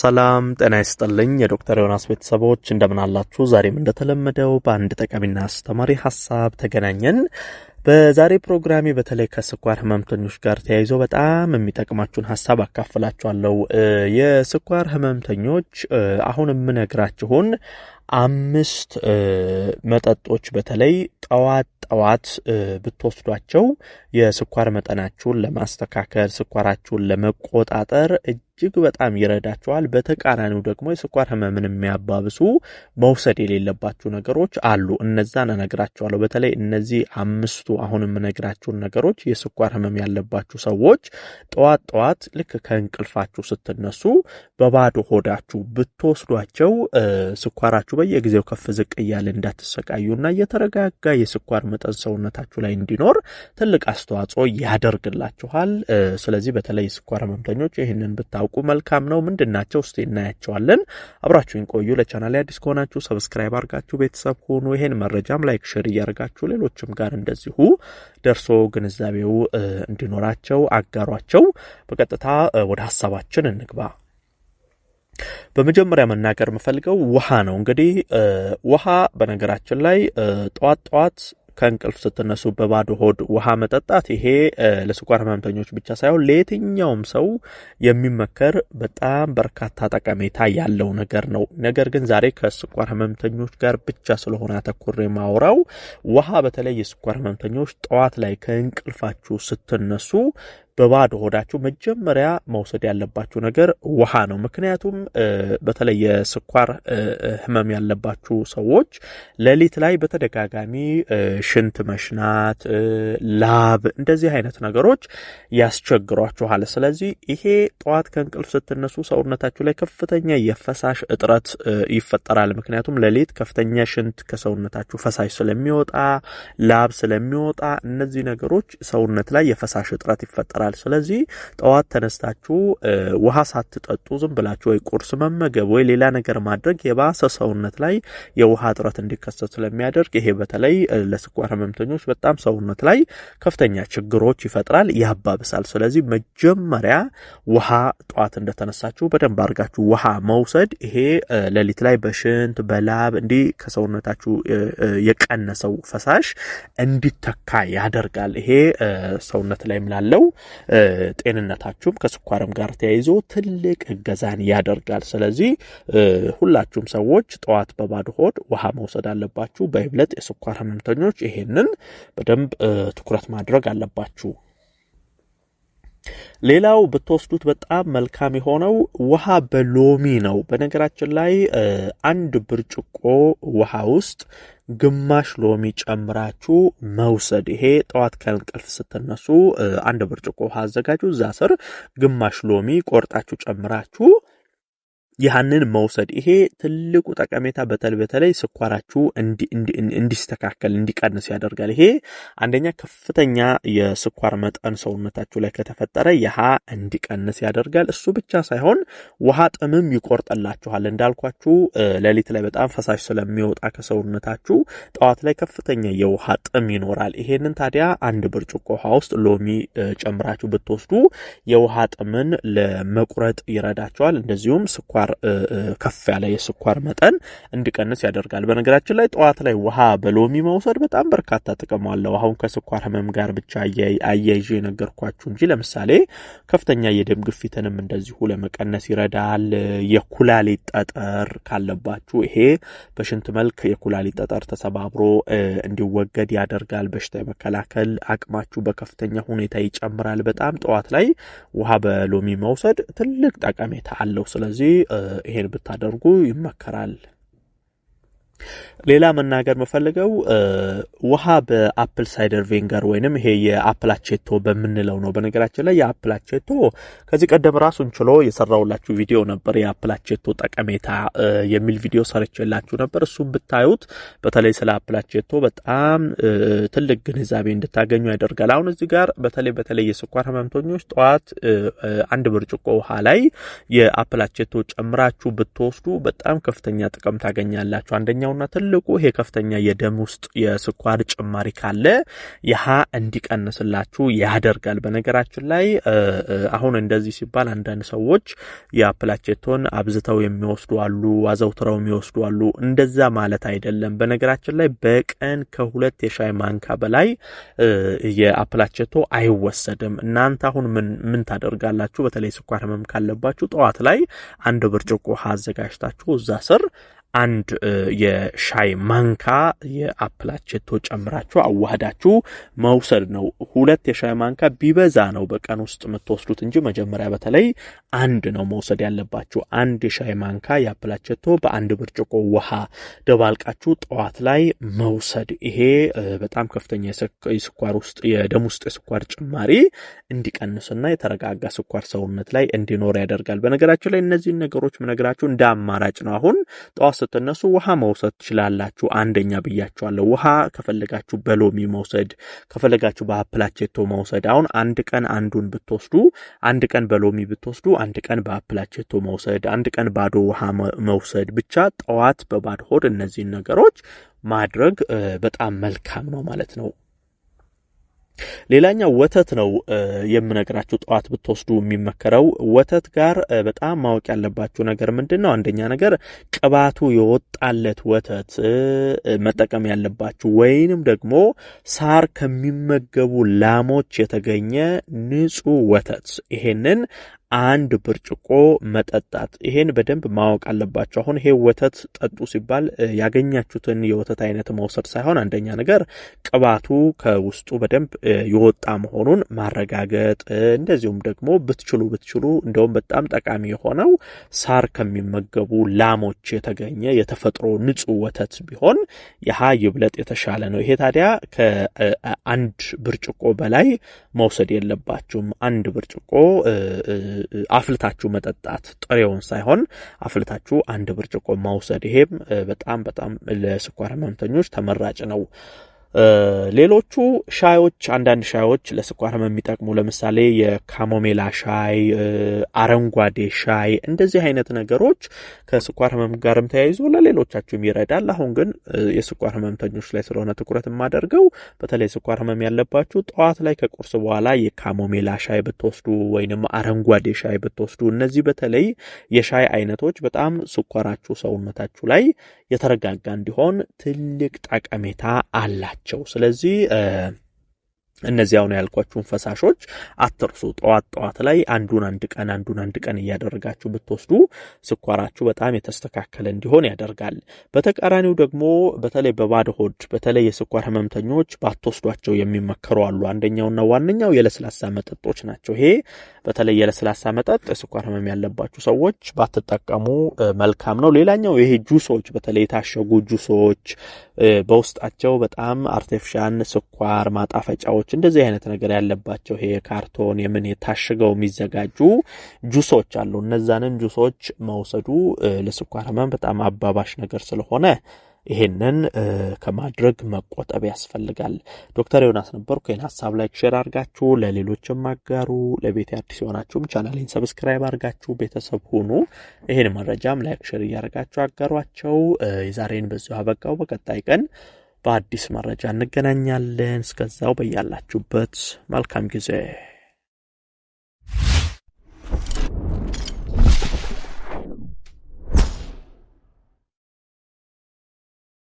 ሰላም ጤና ይስጥልኝ የዶክተር ዮናስ ቤተሰቦች እንደምናላችሁ። ዛሬም እንደተለመደው በአንድ ጠቃሚና አስተማሪ ሀሳብ ተገናኘን። በዛሬ ፕሮግራሜ በተለይ ከስኳር ህመምተኞች ጋር ተያይዞ በጣም የሚጠቅማችሁን ሀሳብ አካፍላችኋለሁ። የስኳር ህመምተኞች አሁን የምነግራችሁን አምስት መጠጦች በተለይ ጠዋት ጠዋት ብትወስዷቸው የስኳር መጠናችሁን ለማስተካከል ስኳራችሁን ለመቆጣጠር እጅግ በጣም ይረዳቸዋል። በተቃራኒው ደግሞ የስኳር ህመምን የሚያባብሱ መውሰድ የሌለባቸው ነገሮች አሉ። እነዛን እነግራቸዋለሁ። በተለይ እነዚህ አምስቱ አሁን የምነግራቸውን ነገሮች የስኳር ህመም ያለባችሁ ሰዎች ጠዋት ጠዋት ልክ ከእንቅልፋችሁ ስትነሱ በባዶ ሆዳችሁ ብትወስዷቸው ስኳራችሁ በየጊዜው ከፍ ዝቅ እያለ እንዳትሰቃዩና የተረጋጋ የስኳር መጠን ሰውነታችሁ ላይ እንዲኖር ትልቅ አስተዋጽኦ ያደርግላችኋል። ስለዚህ በተለይ የስኳር ህመምተኞች ይህንን ብታ ቢያውቁ መልካም ነው። ምንድን ናቸው? እስቲ እናያቸዋለን። አብራችሁን ቆዩ። ለቻናል አዲስ ከሆናችሁ ሰብስክራይብ አድርጋችሁ ቤተሰብ ሆኑ ይሄን መረጃም ላይክ፣ ሼር እያደርጋችሁ ሌሎችም ጋር እንደዚሁ ደርሶ ግንዛቤው እንዲኖራቸው አጋሯቸው። በቀጥታ ወደ ሀሳባችን እንግባ። በመጀመሪያ መናገር የምፈልገው ውሃ ነው። እንግዲህ ውሃ በነገራችን ላይ ጠዋት ጠዋት ከእንቅልፍ ስትነሱ በባዶ ሆድ ውሃ መጠጣት ይሄ ለስኳር ህመምተኞች ብቻ ሳይሆን ለየትኛውም ሰው የሚመከር በጣም በርካታ ጠቀሜታ ያለው ነገር ነው። ነገር ግን ዛሬ ከስኳር ህመምተኞች ጋር ብቻ ስለሆነ አተኩር ማውራው ውሃ በተለይ የስኳር ህመምተኞች ጠዋት ላይ ከእንቅልፋችሁ ስትነሱ በባዶ ሆዳችሁ መጀመሪያ መውሰድ ያለባችሁ ነገር ውሃ ነው። ምክንያቱም በተለይ የስኳር ህመም ያለባችሁ ሰዎች ሌሊት ላይ በተደጋጋሚ ሽንት መሽናት፣ ላብ፣ እንደዚህ አይነት ነገሮች ያስቸግሯችኋል። ስለዚህ ይሄ ጠዋት ከእንቅልፍ ስትነሱ ሰውነታችሁ ላይ ከፍተኛ የፈሳሽ እጥረት ይፈጠራል። ምክንያቱም ሌሊት ከፍተኛ ሽንት ከሰውነታችሁ ፈሳሽ ስለሚወጣ፣ ላብ ስለሚወጣ እነዚህ ነገሮች ሰውነት ላይ የፈሳሽ እጥረት ይፈጠራል። ይላል። ስለዚህ ጠዋት ተነስታችሁ ውሃ ሳትጠጡ ዝም ብላችሁ ወይ ቁርስ መመገብ ወይ ሌላ ነገር ማድረግ የባሰ ሰውነት ላይ የውሃ እጥረት እንዲከሰት ስለሚያደርግ ይሄ በተለይ ለስኳር ህመምተኞች በጣም ሰውነት ላይ ከፍተኛ ችግሮች ይፈጥራል፣ ያባብሳል። ስለዚህ መጀመሪያ ውሃ ጠዋት እንደተነሳችሁ በደንብ አድርጋችሁ ውሃ መውሰድ ይሄ ሌሊት ላይ በሽንት በላብ እንዲህ ከሰውነታችሁ የቀነሰው ፈሳሽ እንዲተካ ያደርጋል። ይሄ ሰውነት ላይም ላለው ጤንነታችሁም ከስኳርም ጋር ተያይዞ ትልቅ እገዛን ያደርጋል። ስለዚህ ሁላችሁም ሰዎች ጠዋት በባዶ ሆድ ውሃ መውሰድ አለባችሁ። በይብለጥ የስኳር ህመምተኞች ይሄንን በደንብ ትኩረት ማድረግ አለባችሁ። ሌላው ብትወስዱት በጣም መልካም የሆነው ውሃ በሎሚ ነው። በነገራችን ላይ አንድ ብርጭቆ ውሃ ውስጥ ግማሽ ሎሚ ጨምራችሁ መውሰድ። ይሄ ጠዋት ከእንቅልፍ ስትነሱ አንድ ብርጭቆ ውሃ አዘጋጁ። እዛ ስር ግማሽ ሎሚ ቆርጣችሁ ጨምራችሁ ያህንን መውሰድ ይሄ ትልቁ ጠቀሜታ በተለይ በተለይ ስኳራችሁ እንዲስተካከል እንዲቀንስ ያደርጋል። ይሄ አንደኛ ከፍተኛ የስኳር መጠን ሰውነታችሁ ላይ ከተፈጠረ ይሀ እንዲቀንስ ያደርጋል። እሱ ብቻ ሳይሆን ውሃ ጥምም ይቆርጥላችኋል። እንዳልኳችሁ ሌሊት ላይ በጣም ፈሳሽ ስለሚወጣ ከሰውነታችሁ ጠዋት ላይ ከፍተኛ የውሃ ጥም ይኖራል። ይሄንን ታዲያ አንድ ብርጭቆ ውሃ ውስጥ ሎሚ ጨምራችሁ ብትወስዱ የውሃ ጥምን ለመቁረጥ ይረዳቸዋል። እንደዚሁም ስኳር ስኳር ከፍ ያለ የስኳር መጠን እንዲቀንስ ያደርጋል። በነገራችን ላይ ጠዋት ላይ ውሃ በሎሚ መውሰድ በጣም በርካታ ጥቅም አለው። አሁን ከስኳር ህመም ጋር ብቻ አያይዤ የነገርኳችሁ እንጂ ለምሳሌ ከፍተኛ የደም ግፊትንም እንደዚሁ ለመቀነስ ይረዳል። የኩላሊት ጠጠር ካለባችሁ ይሄ በሽንት መልክ የኩላሊት ጠጠር ተሰባብሮ እንዲወገድ ያደርጋል። በሽታ የመከላከል አቅማችሁ በከፍተኛ ሁኔታ ይጨምራል። በጣም ጠዋት ላይ ውሃ በሎሚ መውሰድ ትልቅ ጠቀሜታ አለው። ስለዚህ ይሄን ብታደርጉ ይመከራል። ሌላ መናገር መፈልገው ውሃ በአፕል ሳይደር ቬንገር ወይንም ይሄ የአፕል አቼቶ በምንለው ነው። በነገራችን ላይ የአፕል አቼቶ ከዚህ ቀደም ራሱን ችሎ የሰራውላችሁ ቪዲዮ ነበር። የአፕል አቼቶ ጠቀሜታ የሚል ቪዲዮ ሰርቼላችሁ ነበር። እሱም ብታዩት በተለይ ስለ አፕል አቼቶ በጣም ትልቅ ግንዛቤ እንድታገኙ ያደርጋል። አሁን እዚህ ጋር በተለይ በተለይ የስኳር ህመምተኞች ጠዋት አንድ ብርጭቆ ውሃ ላይ የአፕል አቼቶ ጨምራችሁ ብትወስዱ በጣም ከፍተኛ ጥቅም ታገኛላችሁ። አንደኛው ዋነኛውና ትልቁ ይሄ ከፍተኛ የደም ውስጥ የስኳር ጭማሪ ካለ ያህ እንዲቀንስላችሁ ያደርጋል። በነገራችን ላይ አሁን እንደዚህ ሲባል አንዳንድ ሰዎች የአፕላቼቶን አብዝተው የሚወስዱ አሉ፣ አዘውትረው የሚወስዱ አሉ። እንደዛ ማለት አይደለም። በነገራችን ላይ በቀን ከሁለት የሻይ ማንካ በላይ የአፕላቼቶ አይወሰድም። እናንተ አሁን ምን ታደርጋላችሁ? በተለይ ስኳር ህመም ካለባችሁ ጠዋት ላይ አንድ ብርጭቆ ውሃ አዘጋጅታችሁ እዛ ስር አንድ የሻይ ማንካ የአፕላቼቶ ጨምራችሁ አዋህዳችሁ መውሰድ ነው። ሁለት የሻይ ማንካ ቢበዛ ነው በቀን ውስጥ የምትወስዱት እንጂ መጀመሪያ በተለይ አንድ ነው መውሰድ ያለባችሁ። አንድ የሻይ ማንካ ያፕላቸቶ በአንድ ብርጭቆ ውሃ ደባልቃችሁ ጠዋት ላይ መውሰድ። ይሄ በጣም ከፍተኛ የስኳር ውስጥ የደም ውስጥ የስኳር ጭማሪ እንዲቀንስና የተረጋጋ ስኳር ሰውነት ላይ እንዲኖር ያደርጋል። በነገራችሁ ላይ እነዚህን ነገሮች ምነግራችሁ እንደ አማራጭ ነው። አሁን ጠዋት ስትነሱ ውሃ መውሰድ ትችላላችሁ። አንደኛ ብያችኋለሁ። ውሃ ከፈለጋችሁ በሎሚ መውሰድ፣ ከፈለጋችሁ በአፕላቸቶ መውሰድ። አሁን አንድ ቀን አንዱን ብትወስዱ፣ አንድ ቀን በሎሚ ብትወስዱ አንድ ቀን በአፕላቸቶ መውሰድ፣ አንድ ቀን ባዶ ውሃ መውሰድ፣ ብቻ ጠዋት በባዶ ሆድ እነዚህን ነገሮች ማድረግ በጣም መልካም ነው ማለት ነው። ሌላኛው ወተት ነው የምነግራችሁ። ጠዋት ብትወስዱ የሚመከረው ወተት ጋር በጣም ማወቅ ያለባችሁ ነገር ምንድን ነው? አንደኛ ነገር ቅባቱ የወጣለት ወተት መጠቀም ያለባችሁ ወይንም ደግሞ ሳር ከሚመገቡ ላሞች የተገኘ ንጹህ ወተት ይሄንን አንድ ብርጭቆ መጠጣት። ይሄን በደንብ ማወቅ አለባቸው። አሁን ይሄ ወተት ጠጡ ሲባል ያገኛችሁትን የወተት አይነት መውሰድ ሳይሆን አንደኛ ነገር ቅባቱ ከውስጡ በደንብ የወጣ መሆኑን ማረጋገጥ፣ እንደዚሁም ደግሞ ብትችሉ ብትችሉ እንደውም በጣም ጠቃሚ የሆነው ሳር ከሚመገቡ ላሞች የተገኘ የተፈጥሮ ንጹህ ወተት ቢሆን ያሃ ይብለጥ የተሻለ ነው። ይሄ ታዲያ ከአንድ ብርጭቆ በላይ መውሰድ የለባችሁም። አንድ ብርጭቆ አፍልታችሁ መጠጣት ጥሬውን ሳይሆን አፍልታችሁ አንድ ብርጭቆ ማውሰድ። ይሄም በጣም በጣም ለስኳር ህመምተኞች ተመራጭ ነው። ሌሎቹ ሻዮች አንዳንድ ሻዮች ለስኳር ህመም የሚጠቅሙ ለምሳሌ የካሞሜላ ሻይ፣ አረንጓዴ ሻይ እንደዚህ አይነት ነገሮች ከስኳር ህመም ጋርም ተያይዞ ለሌሎቻችሁም ይረዳል። አሁን ግን የስኳር ህመምተኞች ላይ ስለሆነ ትኩረት የማደርገው በተለይ ስኳር ህመም ያለባችሁ ጠዋት ላይ ከቁርስ በኋላ የካሞሜላ ሻይ ብትወስዱ ወይንም አረንጓዴ ሻይ ብትወስዱ እነዚህ በተለይ የሻይ አይነቶች በጣም ስኳራችሁ ሰውነታችሁ ላይ የተረጋጋ እንዲሆን ትልቅ ጠቀሜታ አላቸው። ናቸው። ስለዚህ እነዚህ አሁን ያልኳችሁን ፈሳሾች አትርሱ። ጠዋት ጠዋት ላይ አንዱን አንድ ቀን አንዱን አንድ ቀን እያደረጋችሁ ብትወስዱ ስኳራችሁ በጣም የተስተካከለ እንዲሆን ያደርጋል። በተቃራኒው ደግሞ በተለይ በባዶ ሆድ በተለይ የስኳር ህመምተኞች ባትወስዷቸው የሚመከሩ አሉ። አንደኛውና ዋነኛው የለስላሳ መጠጦች ናቸው። ይሄ በተለይ የለስላሳ መጠጥ የስኳር ህመም ያለባችሁ ሰዎች ባትጠቀሙ መልካም ነው። ሌላኛው ይሄ ጁሶች፣ በተለይ የታሸጉ ጁሶች በውስጣቸው በጣም አርቴፊሻን ስኳር፣ ማጣፈጫዎች እንደዚህ አይነት ነገር ያለባቸው ይሄ ካርቶን የምን የታሽገው የሚዘጋጁ ጁሶች አሉ። እነዛንን ጁሶች መውሰዱ ለስኳር ህመም በጣም አባባሽ ነገር ስለሆነ ይሄንን ከማድረግ መቆጠብ ያስፈልጋል። ዶክተር ዮናስ ነበርኩ። ይህን ሀሳብ ላይክ ሼር አርጋችሁ ለሌሎችም አጋሩ። ለቤት አዲስ የሆናችሁም ቻናሌን ሰብስክራይብ አርጋችሁ ቤተሰብ ሁኑ። ይህን መረጃም ላይክ ሼር እያደርጋችሁ አጋሯቸው። የዛሬን በዚሁ አበቃው። በቀጣይ ቀን በአዲስ መረጃ እንገናኛለን። እስከዛው በያላችሁበት መልካም ጊዜ